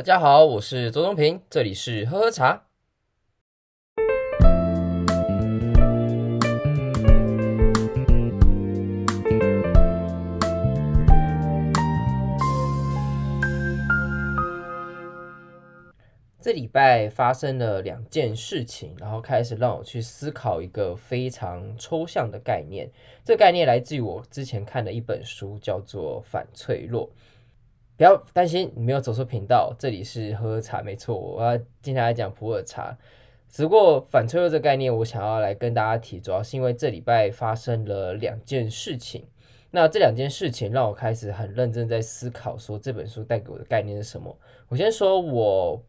大家好，我是周中平，這裡是呵呵茶。這禮拜發生了兩件事情，然後開始讓我去思考一個非常抽象的概念。這個概念來自於我之前看的一本書，叫做《反脆弱》。不要擔心，你沒有走出頻道。這裡是呵呵茶，沒錯，我要經常來講普洱茶。只不過反脆弱這個概念，我想要來跟大家提，主要是因為這禮拜發生了兩件事情。那這兩件事情讓我開始很認真在思考，說這本書帶給我的概念是什麼。我先說，我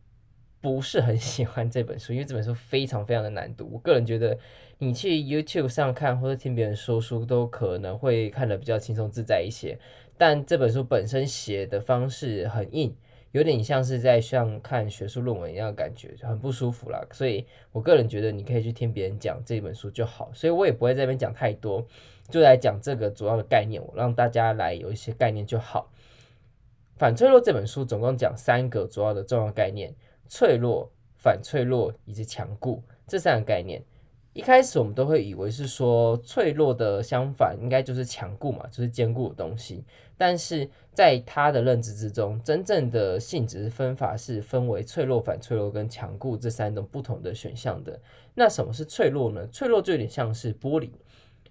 不是很喜歡這本書，因為這本書非常非常的難讀。我個人覺得，你去 YouTube 上看或者聽別人說書，都可能會看得比較輕鬆自在一些。但這本書本身寫的方式很硬，有點像是在像看學術論文一樣的感覺，就很不舒服啦。所以我個人覺得，你可以去聽別人講這本書就好，所以我也不會在這邊講太多，就來講這個主要的概念，我讓大家來有一些概念就好。反脆弱這本書總共講三個主要的重要概念：脆弱、反脆弱以及強固這三個概念。一開始我們都會以為是說脆弱的相反應該就是強固嘛，就是堅固的東西。但是在他的認知之中，真正的性質分法是分為脆弱反、反脆弱跟強固這三種不同的選項的。那什麼是脆弱呢？脆弱就有點像是玻璃，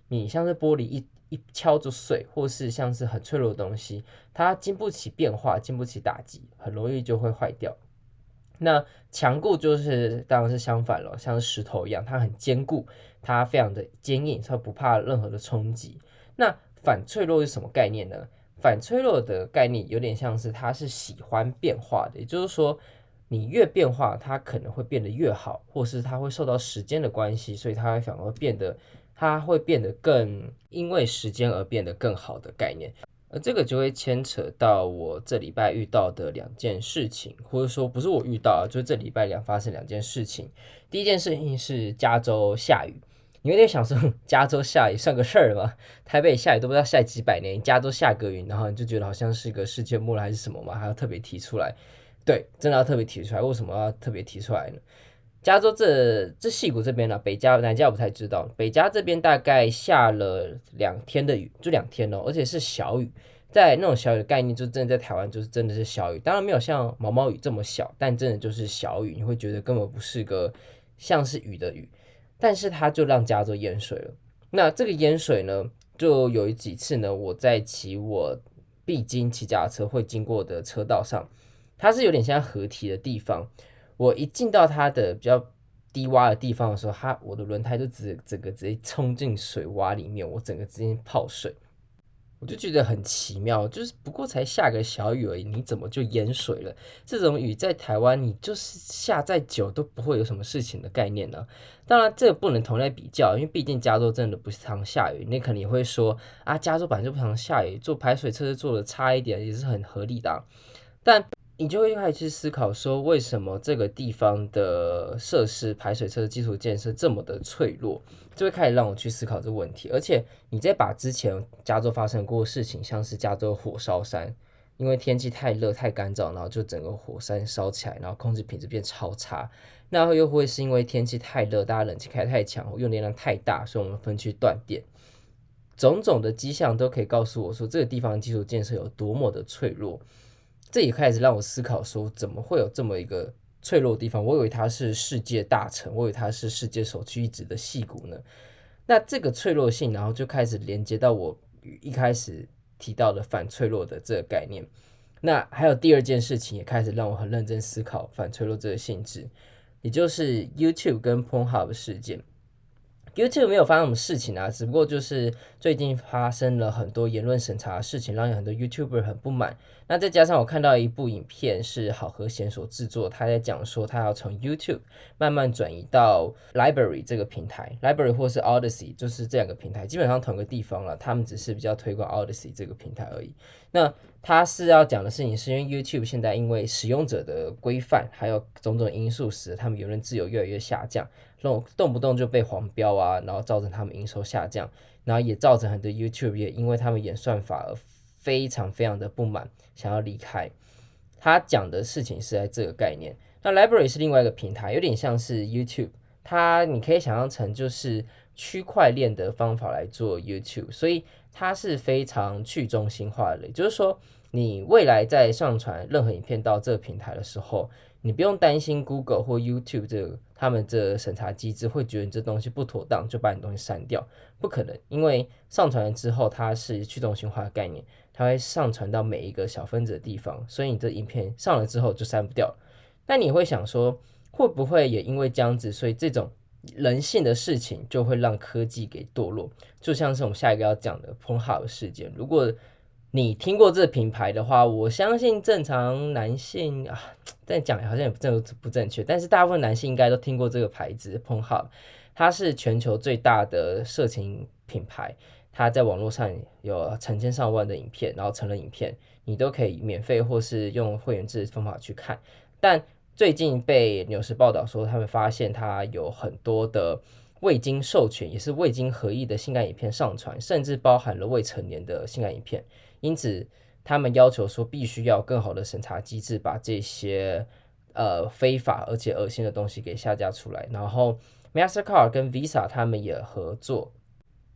你像是玻璃一一敲就碎，或是像是很脆弱的東西，它經不起變化，經不起打擊，很容易就會壞掉。那強固就是當然是相反了，像石頭一樣，它很堅固，它非常的堅硬，它不怕任何的衝擊。那反脆弱是什麼概念呢？反脆弱的概念有點像是它是喜歡變化的，也就是說，你越變化，它可能會變得越好，或是它會受到時間的關係，所以它反而變得，它會變得更因為時間而變得更好的概念。呃，這個就會牽扯到我這禮拜遇到的兩件事情，或者說不是我遇到啊，就是這禮拜兩發生兩件事情。第一件事情是加州下雨，你有點想說，加州下雨算個事兒嗎？台北下雨都不知道下幾百年，加州下個雨，然後你就覺得好像是個世界末日還是什麼嘛，還要特別提出來。對，真的要特別提出來，為什麼要特別提出來呢？加州這這溪谷這邊呢、啊，北加南加我不太知道。北加這邊大概下了兩天的雨，就兩天哦，而且是小雨。在那種小雨的概念，就真的在台灣，就是真的是小雨。當然沒有像毛毛雨這麼小，但真的就是小雨，你會覺得根本不是個像是雨的雨。但是它就讓加州淹水了。那這個淹水呢，就有幾次呢，我在騎我必經騎腳踏車會經過的車道上，它是有點像河堤的地方。我一進到它的比較低窪的地方的時候，它我的輪胎就直整個直接衝進水窪裡面，我整個直接泡水，我就覺得很奇妙。就是不過才下個小雨而已，你怎麼就淹水了？這種雨在台灣，你就是下再久都不會有什麼事情的概念呢、啊。當然，這個不能同類比較，因為畢竟加州真的不常下雨。你可能也會說啊，加州本來就不常下雨，做排水測試做的差一點也是很合理的、啊。但你就會開始去思考說，為什麼這個地方的設施、排水車、基礎建設這麼的脆弱？就會開始讓我去思考這個問題。而且，你再把之前加州發生過的事情，像是加州火燒山，因為天氣太熱、太乾燥，然後就整個火山燒起來，然後空氣品質變超差。那又會是因為天氣太熱，大家冷氣開得太強，用電量太大，所以我們分區斷電。種種的跡象都可以告訴我說，這個地方的基礎建設有多麼的脆弱。這也開始讓我思考說，怎麼會有這麼一個脆弱的地方？我以為它是世界大城，我以為它是世界首屈一指的矽谷呢。那這個脆弱性，然後就開始連接到我一開始提到的反脆弱的這個概念。那還有第二件事情，也開始讓我很認真思考反脆弱這個性質，也就是 YouTube 跟 PornHub 事件。YouTube 沒有發生什麼事情啊，只不過就是最近發生了很多言論審查的事情，讓很多 YouTuber 很不滿。那再加上我看到一部影片是好和弦所制作，他在講說他要從 YouTube 慢慢轉移到 Library 這個平台，Library 或是 Odyssey，就是這兩個平台，基本上同一個地方了。他們只是比較推廣 Odyssey 這個平台而已。那他是要講的事情是因為 YouTube 現在因為使用者的規範，還有種種因素，使得他們言論自由越來越下降，動動不動就被黃標啊，然後造成他們營收下降，然後也造成很多 YouTube 也因為他們演算法，而非常非常的不滿，想要離開。他講的事情是在這個概念，那 Library 是另外一個平台，有點像是 YouTube，它你可以想象成就是。區塊鏈的方法來做 YouTube，所以它是非常去中心化的。也就是說，你未來在上傳任何影片到這個平台的時候，你不用擔心 Google 或 YouTube 這個、他們這審查機制會覺得你這東西不妥當就把你東西刪掉，不可能，因為上傳了之後它是去中心化的概念，它會上傳到每一個小分子的地方，所以你這影片上了之後就刪不掉了。那你會想說，會不會也因為這樣子，所以這種？人性的事情就會讓科技給墮落，就像是我們下一個要講的 PornHub 事件。如果你聽過這品牌的話，我相信正常男性啊，但講好像也不正不正確，但是大部分男性應該都聽過這個牌子 PornHub，它是全球最大的色情品牌，它在網絡上有成千上萬的影片，然後成人影片你都可以免費或是用會員制方法去看，但。最近被紐時報導說，他們發現他有很多的未經授權，也是未經合意的性感影片上傳，甚至包含了未成年的性感影片。因此，他們要求說，必須要更好的審查機制，把這些呃非法而且噁心的東西給下架出來。然後，Mastercard 跟 Visa 他們也合作，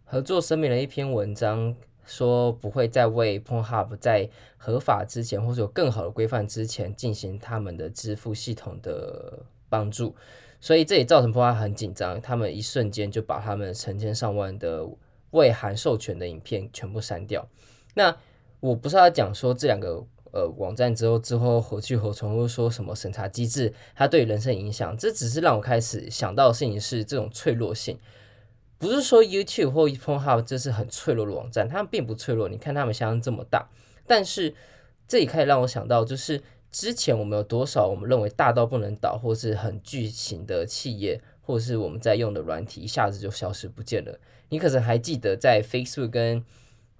合作聲明了一篇文章。說不會再為 Pornhub 在合法之前，或者有更好的規範之前，進行他們的支付系統的幫助，所以這也造成 Pornhub 很緊張，他們一瞬間就把他們成千上萬的未含授權的影片全部刪掉。那我不是在講說這兩個呃網站之後之後何去何從，或說什麼審查機制，它對人生影響，這只是讓我開始想到的事情是這種脆弱性。不是說 YouTube 或一風號就是很脆弱的網站，他們並不脆弱。你看他們銷量這麼大，但是這也開始讓我想到，就是之前我們有多少我們認為大到不能倒，或是很巨型的企業，或是我們在用的軟體，一下子就消失不見了。你可是還記得，在 Facebook 跟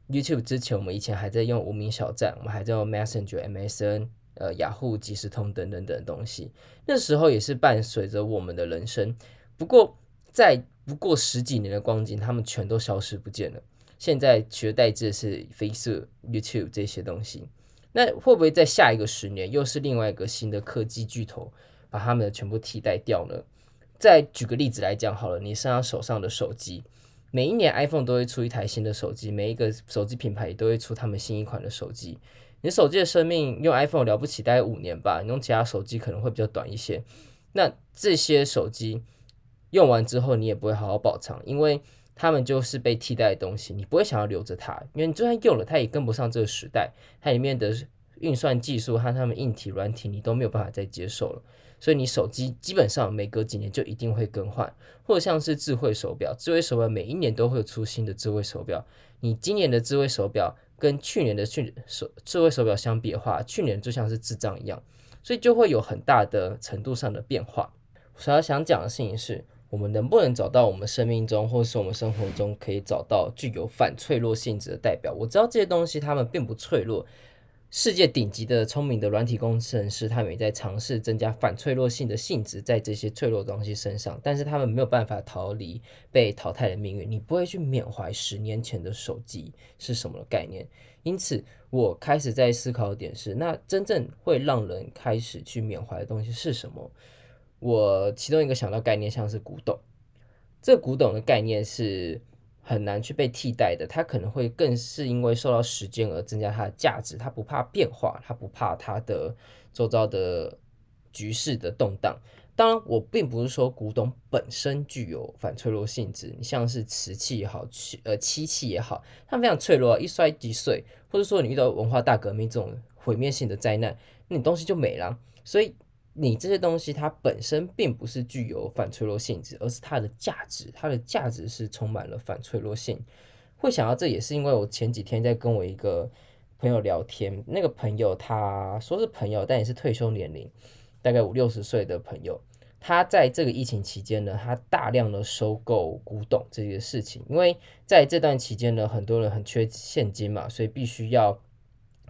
YouTube 之前，我們以前還在用無名小站，我們還在用 Messenger MSN、呃、MSN、呃雅虎、即時通等等等東西。那時候也是伴隨着我們的人生。不過。在不過十幾年的光景，他們全都消失不見了。現在取而代之的是 Facebook、YouTube 這些東西。那會不會在下一個十年，又是另外一個新的科技巨頭把他們的全部替代掉呢？再舉個例子來講好了，你身上手上的手機，每一年 iPhone 都會出一台新的手機，每一個手機品牌也都會出他們新一款的手機。你手機的生命用 iPhone 了不起大概五年吧，你用其他手機可能會比較短一些。那這些手機。用完之後，你也不會好好保藏，因為他們就是被替代的東西，你不會想要留着它，因為你就算用了，它也跟不上這個時代，它裡面的運算技術和它們硬體軟體，你都沒有辦法再接受了，所以你手機基本上每隔幾年就一定會更換，或者像是智慧手錶，智慧手錶每一年都會出新的智慧手錶，你今年的智慧手錶跟去年的智手智慧手錶相比的話，去年就像是智障一樣，所以就會有很大的程度上的變化。所要想講的事情是。我們能不能找到我們生命中，或是我們生活中可以找到具有反脆弱性質的代表？我知道這些東西他們並不脆弱。世界頂級的聰明的軟體工程師，他們也在嘗試增加反脆弱性的性質在這些脆弱的東西身上，但是他們沒有辦法逃離被淘汰的命運。你不會去緬懷十年前的手機是什麼概念？因此，我開始在思考的點是，那真正會讓人開始去緬懷的東西是什麼？我其中一個想到概念，像是古董。這個、古董的概念是很難去被替代的，它可能會更是因為受到時間而增加它的價值。它不怕變化，它不怕它的周遭的局勢的動盪。當然，我並不是說古董本身具有反脆弱性質。你像是瓷器也好，漆呃漆器也好，它非常脆弱，一摔即碎。或者說，你遇到文化大革命這種毀滅性的災難，那你東西就沒了。所以。你這些東西，它本身並不是具有反脆弱性質，而是它的價值，它的價值是充滿了反脆弱性。會想到這也是因為我前幾天在跟我一個朋友聊天，那個朋友他說是朋友，但也是退休年齡大概五六十歲的朋友。他在這個疫情期間呢，他大量的收購古董這些事情，因為在這段期間呢，很多人很缺現金嘛，所以必須要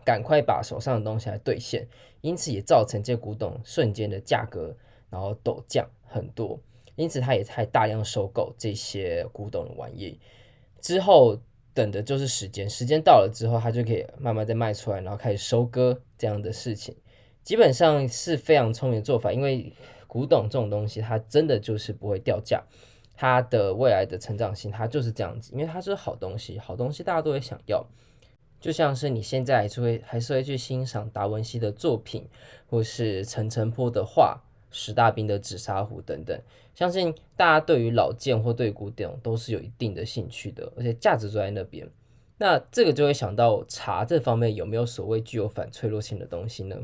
趕快把手上的東西來兌現。因此也造成這些古董瞬間的價格，然後陡降很多。因此他也才大量收購這些古董的玩意，之後等的就是時間。時間到了之後，他就可以慢慢再賣出來，然後開始收割這樣的事情。基本上是非常聰明的做法，因為古董這種東西，它真的就是不會掉價，它的未來的成長性，它就是這樣子，因為它是好東西，好東西大家都會想要。就像是你現在還是會還是會去欣賞達文西的作品，或是陳澄波的畫、時大彬的紫砂壺等等，相信大家對於老件或對古董都是有一定的興趣的，而且價值都在那邊。那這個就會想到茶這方面有沒有所謂具有反脆弱性的東西呢？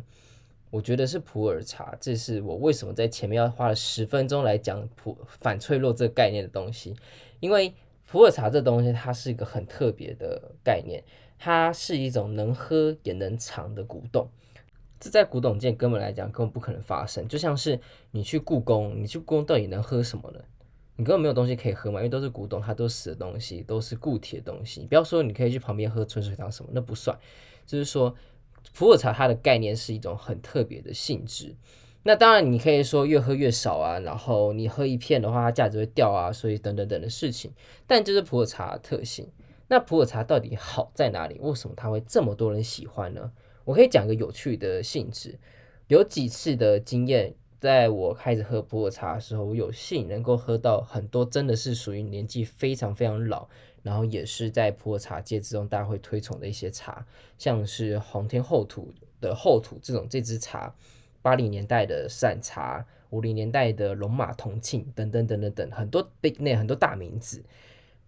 我覺得是普洱茶，這是我為什麼在前面要花了十分鐘來講普反脆弱這個概念的東西，因為普洱茶這東西它是一個很特別的概念。它是一種能喝也能藏的古董，這在古董界根本來講根本不可能發生。就像是你去故宮，你去故宮到底能喝什麼呢？你根本沒有東西可以喝嘛，因為都是古董，它都是死的東西，都是固體的東西。不要說你可以去旁邊喝純水湯什麼，那不算。就是說，普洱茶它的概念是一種很特別的性質。那當然，你可以說越喝越少啊，然後你喝一片的話，它價值會掉啊，所以等等等等的事情。但這是普洱茶的特性。那普洱茶到底好在哪裡？為什麼它會這麼多人喜歡呢？我可以講個有趣的性質。有幾次的經驗，在我開始喝普洱茶的時候，我有幸能夠喝到很多真的是屬於年紀非常非常老，然後也是在普洱茶界之中大家會推崇的一些茶，像是黃天厚土的厚土這種這支茶，八零年代的散茶，五零年代的龍馬同慶等等等等等等，很多 big name，很多大名字。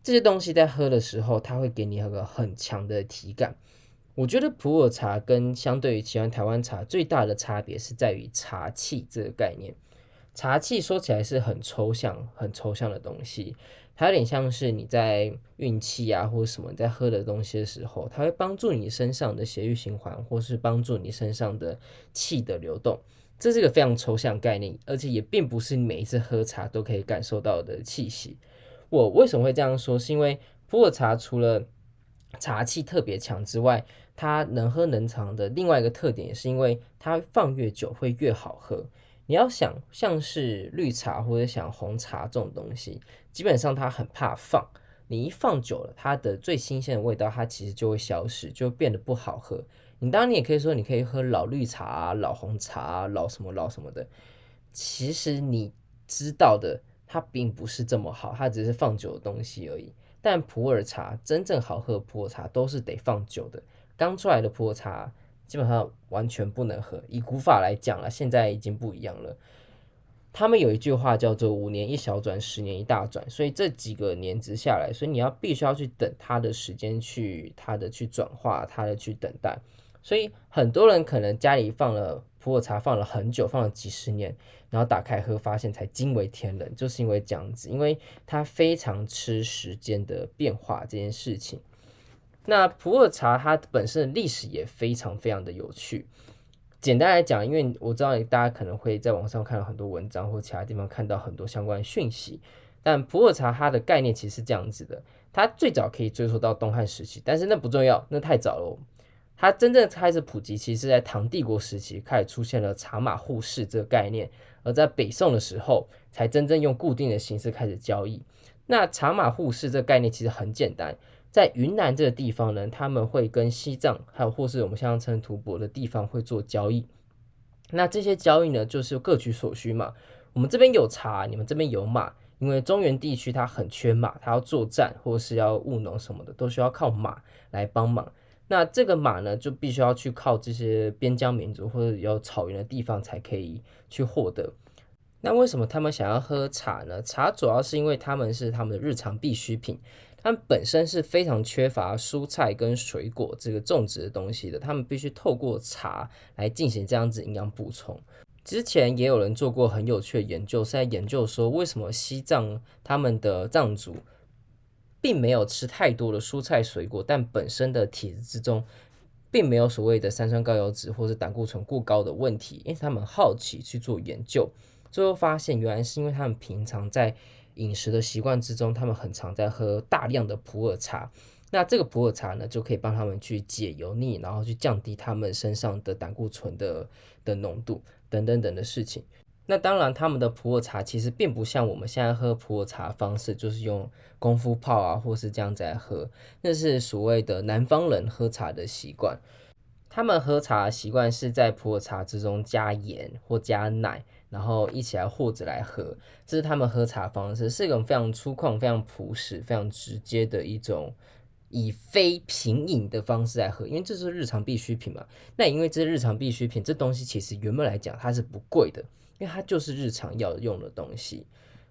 這些東西在喝的時候，它會給你一個很強的體感。我覺得普洱茶跟相對於其他台灣茶最大的差別是在於茶氣這個概念。茶氣說起來是很抽象，很抽象的東西，它有點像是你在運氣啊，或者什麼你在喝的東西的時候，它會幫助你身上的血液循環，或是幫助你身上的氣的流動。這是一個非常抽象概念，而且也並不是你每一次喝茶都可以感受到的氣息。我為什麼會這樣說？是因為普洱茶除了茶氣特別強之外，它能喝能藏的另外一個特點，也是因為它放越久會越好喝。你要想像是綠茶或者像紅茶這種東西，基本上它很怕放，你一放久了，它的最新鮮的味道它其實就會消失，就變得不好喝。你當然你也可以說，你可以喝老綠茶啊、老紅茶啊、老什麼老什麼的。其實你知道的。它並不是這麼好，它只是放久的東西而已。但普洱茶真正好喝的普，普洱茶都是得放久的。剛出來的普洱茶基本上完全不能喝。以古法來講啊，現在已經不一樣了。他們有一句話叫做“五年一小轉，十年一大轉”，所以這幾個年值下來，所以你要必須要去等它的時間，去它的去轉化，它的去等待。所以很多人可能家裡放了。普洱茶放了很久，放了幾十年，然後打開喝，發現才驚為天人，就是因為這樣子，因為它非常吃時間的變化這件事情。那普洱茶它本身的歷史也非常非常的有趣。簡單來講，因為我知道大家可能會在網上看到很多文章，或其他地方看到很多相關的訊息，但普洱茶它的概念其實是這樣子的：它最早可以追溯到東漢時期，但是那不重要，那太早了哦。它真正開始普及，其實是在唐帝國時期開始出現了茶馬互市這個概念，而在北宋的時候才真正用固定的形式開始交易。那茶馬互市這個概念其實很簡單，在雲南這個地方呢，他們會跟西藏，還有或是我們相稱吐蕃的地方會做交易。那這些交易呢，就是各取所需嘛。我們這邊有茶，你們這邊有馬，因為中原地區它很缺馬，它要作戰或是要務農什麼的，都需要靠馬來幫忙。那這個馬呢，就必須要去靠這些邊疆民族或者有草原的地方才可以去獲得。那為什麼他們想要喝茶呢？茶主要是因為他們是他們的日常必需品，他們本身是非常缺乏蔬菜跟水果這個種植的東西的，他們必須透過茶來進行這樣子營養補充。之前也有人做過很有趣的研究，是在研究說為什麼西藏他們的藏族，並沒有吃太多的蔬菜水果，但本身的體質之中並沒有所謂的三酸高油脂或者膽固醇過高的問題。因此他們好奇去做研究，最後發現原來是因為他們平常在飲食的習慣之中，他們很常在喝大量的普洱茶。那這個普洱茶呢，就可以幫他們去解油膩，然後去降低他們身上的膽固醇的的濃度等等等等的事情。那當然，他們的普洱茶其實並不像我們現在喝的普洱茶的方式，就是用功夫泡啊，或是這樣子來喝。那是所謂的南方人喝茶的習慣。他們喝茶習慣是在普洱茶之中加鹽或加奶，然後一起來和着來喝。這是他們喝茶方式，是一種非常粗獷、非常樸實、非常直接的一種以非品飲的方式來喝。因為這是日常必需品嘛。那因為這是日常必需品，這東西其實原本來講它是不貴的。因為它就是日常要用的東西，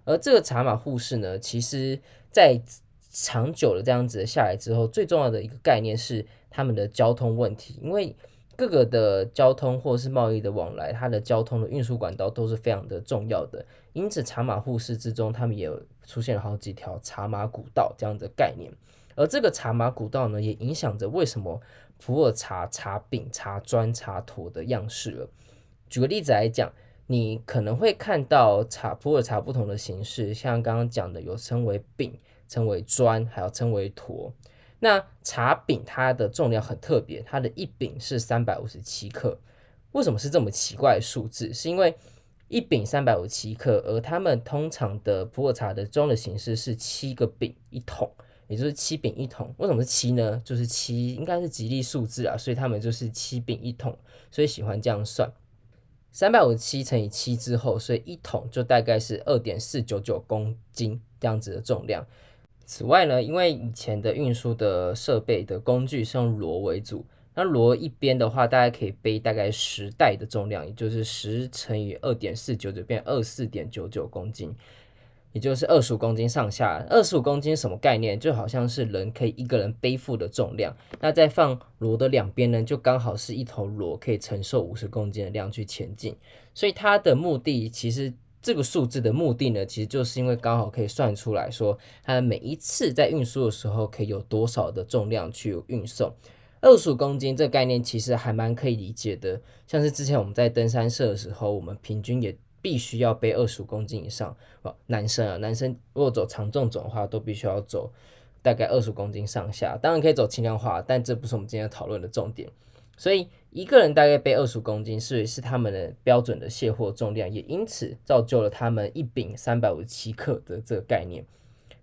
而這個茶馬互市呢，其實，在長久的這樣子下來之後，最重要的一個概念是他們的交通問題，因為各個的交通或是貿易的往來，它的交通的運輸管道都是非常的重要的。因此，茶馬互市之中，他們也出現了好幾條茶馬古道這樣的概念，而這個茶馬古道呢，也影響着為什麼普洱茶、茶餅、茶磚、茶坨的樣式了。舉個例子來講。你可能會看到茶普洱茶不同的形式，像剛剛講的有，有稱為餅，稱為磚，還有稱為沱。那茶餅它的重量很特別，它的一餅是三百五十七克。為什麼是這麼奇怪的數字？是因為一餅三百五十七克，而他們通常的普洱茶的裝的形式是七個餅一桶，也就是七餅一桶。為什麼是七呢？就是七應該是吉利數字啊，所以他們就是七餅一桶，所以喜歡這樣算。三百五十七乘以七之後，所以一桶就大概是二點四九九公斤這樣子的重量。此外呢，因為以前的運輸的設備的工具是用騾為主，那騾一邊的話，大家可以背大概十袋的重量，也就是十乘以二點四九九，變二四點九九公斤。也就是二十五公斤上下，二十五公斤什麼概念？就好像是人可以一個人背負的重量。那在放騾的兩邊呢，就剛好是一頭騾可以承受五十公斤的量去前進。所以它的目的，其實這個數字的目的呢，其實就是因為剛好可以算出來說，它每一次在運輸的時候可以有多少的重量去運送。二十五公斤這個概念其實還蠻可以理解的，像是之前我們在登山社的時候，我們平均也必須要背二十五公斤以上，男生啊，男生如果走長重走的話，都必須要走大概二十公斤上下。當然可以走輕量化，但這不是我們今天討論的重點。所以一個人大概背二十公斤，是是他們的標準的卸貨重量，也因此造就了他們一餅三百五十七克的這個概念。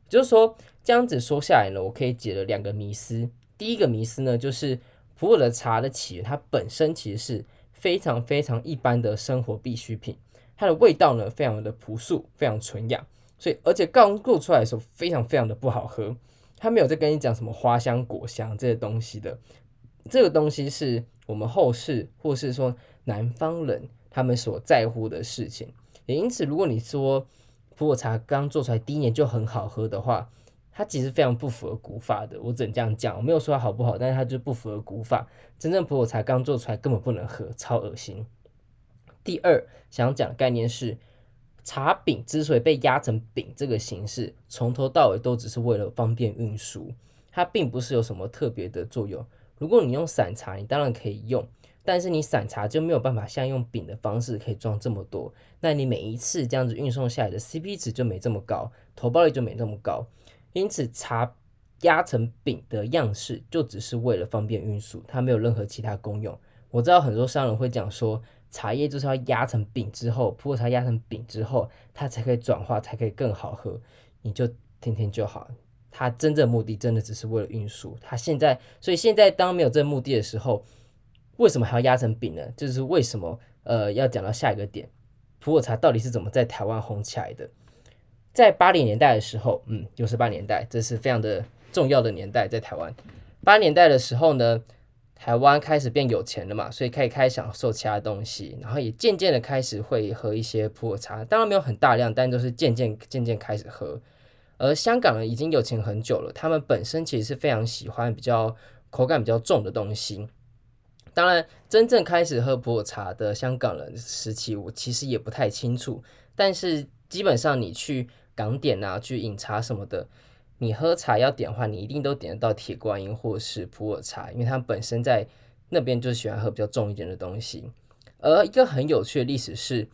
就是說，這樣子說下來呢，我可以解了兩個迷思。第一個迷思呢，就是普洱的茶的起源，它本身其實是非常非常一般的生活必需品。它的味道呢，非常的樸素，非常純雅，所以而且剛做出來的時候，非常非常的不好喝。它沒有在跟你講什麼花香、果香這些東西的，這個東西是我們後世或是說南方人他們所在乎的事情。也因此，如果你說普洱茶剛做出來第一年就很好喝的話，它其實非常不符合古法的。我只能這樣講，我沒有說它好不好，但是它就是不符合古法。真正普洱茶剛做出來根本不能喝，超噁心。第二，想講的概念是，茶餅之所以被壓成餅這個形式，從頭到尾都只是為了方便運輸，它並不是有什麼特別的作用。如果你用散茶，你當然可以用，但是你散茶就沒有辦法像用餅的方式可以裝這麼多，那你每一次這樣子運送下來的 CP 值就沒這麼高，投報率就沒那麼高。因此茶，茶壓成餅的樣式就只是為了方便運輸，它沒有任何其他功用。我知道很多商人會講說。茶葉就是要壓成餅之後，普洱茶壓成餅之後，它才可以轉化，才可以更好喝。你就聽聽就好。它真正目的真的只是為了運輸。它現在，所以現在當沒有這個目的的時候，為什麼還要壓成餅呢？這就是為什麼呃要講到下一個點，普洱茶到底是怎麼在台灣紅起來的？在八零年代的時候，嗯，六十八年代，這是非常的重要的年代在台灣。八年代的時候呢？台灣開始變有錢了嘛，所以可以開始享受其他東西，然後也漸漸的開始會喝一些普洱茶，當然沒有很大量，但都是漸漸漸漸開始喝。而香港人已經有錢很久了，他們本身其實是非常喜歡比較口感比較重的東西。當然，真正開始喝普洱茶的香港人時期，我其實也不太清楚。但是基本上，你去港點啊、去飲茶什麼的。你喝茶要點的話，你一定都點得到鐵觀音或是普洱茶，因為他們本身在那邊就喜歡喝比較重一點的東西。而一個很有趣的歷史是，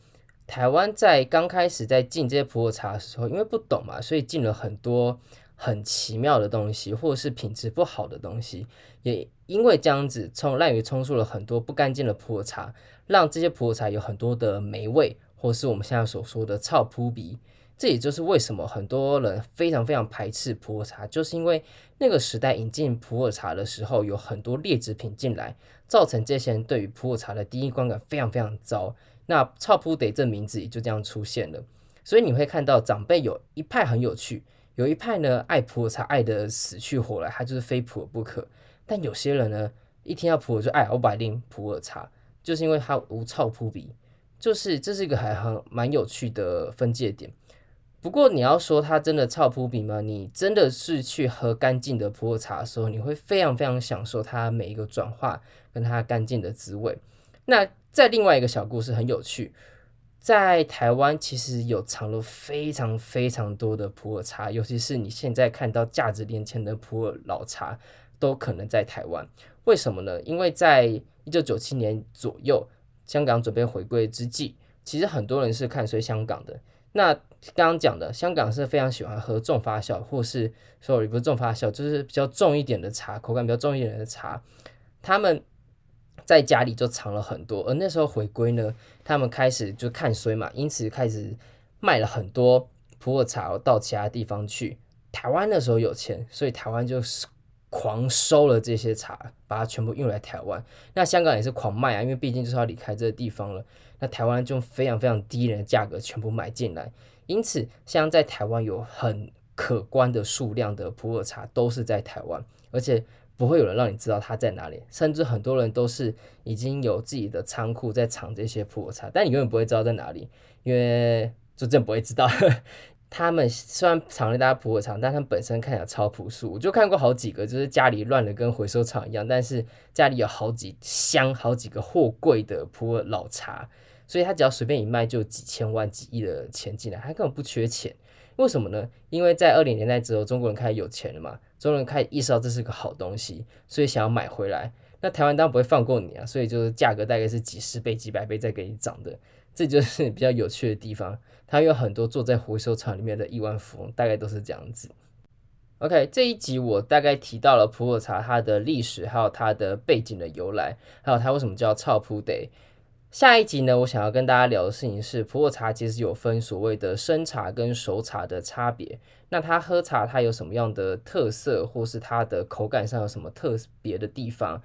台灣在剛開始在進這些普洱茶的時候，因為不懂嘛，所以進了很多很奇妙的東西，或是品質不好的東西。也因為這樣子衝，濫竽充數了很多不乾淨的普洱茶，讓這些普洱茶有很多的霉味，或是我們現在所說的臭噗鼻。這也就是為什麼很多人非常非常排斥普洱茶，就是因為那個時代引進普洱茶的時候，有很多劣質品進來，造成這些人對於普洱茶的第一觀感非常非常糟。那臭噗得這名字也就這樣出現了。所以你會看到長輩有一派很有趣，有一派呢愛普洱茶愛的死去活來，他就是非普洱不可。但有些人呢，一聽到普洱就愛，我百愛普洱茶，就是因為它無臭噗鼻。就是這是一個還很蠻有趣的分界點。不過你要說它真的臭噗鼻嗎？你真的是去喝乾淨的普洱茶的時候，你會非常非常享受它每一個轉化跟它乾淨的滋味。那在另外一個小故事很有趣，在台灣其實有藏了非常非常多的普洱茶，尤其是你現在看到價值連城的普洱老茶，都可能在台灣。為什麼呢？因為在一九九七年左右，香港準備回歸之際，其實很多人是看衰香港的。那剛剛講的，香港是非常喜歡喝重發酵，或是說也不是重發酵，就是比較重一點的茶，口感比較重一點的茶，他們在家裡就藏了很多。而那時候回歸呢，他們開始就看衰嘛，因此開始賣了很多普洱茶到其他地方去。台灣那時候有錢，所以台灣就是狂收了這些茶，把它全部運來台灣。那香港也是狂賣啊，因為畢竟就是要離開這個地方了。那台灣就非常非常低廉的價格全部買進來。因此，像在台灣有很可觀的數量的普洱茶，都是在台灣，而且不會有人讓你知道它在哪裡。甚至很多人都是已經有自己的倉庫在藏這些普洱茶，但你永遠不會知道在哪裡，因為就真的不會知道。呵呵，他們雖然藏了一大家普洱茶，但他們本身看起來超樸素。我就看過好幾個，就是家裡亂的跟回收廠一樣，但是家裡有好幾箱、好幾個貨櫃的普洱老茶。所以他只要隨便一賣，就有幾千萬、幾億的錢進來，他根本不缺錢。為什麼呢？因為在二零年代之後，中國人開始有錢了嘛，中國人開始意識到這是個好東西，所以想要買回來。那台灣當然不會放過你啊，所以就是價格大概是幾十倍、幾百倍再給你漲的。這就是比較有趣的地方。他有很多坐在回收場裡面的億萬富翁，大概都是這樣子。OK，這一集我大概提到了普洱茶它的歷史，還有它的背景的由來，還有它為什麼叫臭噗茶。下一集呢，我想要跟大家聊的事情是普洱茶其實有分所謂的生茶跟熟茶的差別。那他喝茶，他有什麼樣的特色，或是它的口感上有什麼特別的地方？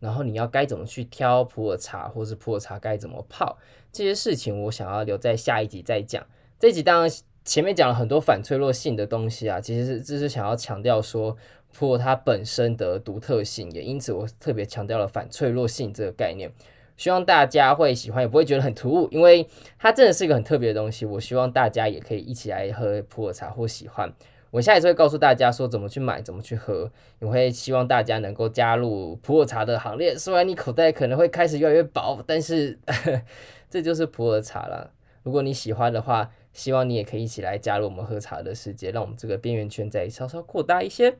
然後你要該怎麼去挑普洱茶，或是普洱茶該怎麼泡，這些事情我想要留在下一集再講。這集當然前面講了很多反脆弱性的東西啊，其實這是想要強調說普洱它本身的獨特性，也因此我特別強調了反脆弱性這個概念。希望大家會喜歡，也不會覺得很突兀，因為它真的是一個很特別的東西。我希望大家也可以一起來喝普洱茶，或喜歡。我下一次會告訴大家說怎麼去買，怎麼去喝。我會希望大家能夠加入普洱茶的行列，雖然你口袋可能會開始越來越薄，但是呵呵，這就是普洱茶了。如果你喜歡的話，希望你也可以一起來加入我們喝茶的世界，讓我們這個邊緣圈再稍稍擴大一些。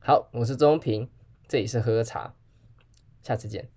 好，我是中平，這裡是呵呵茶，下次見。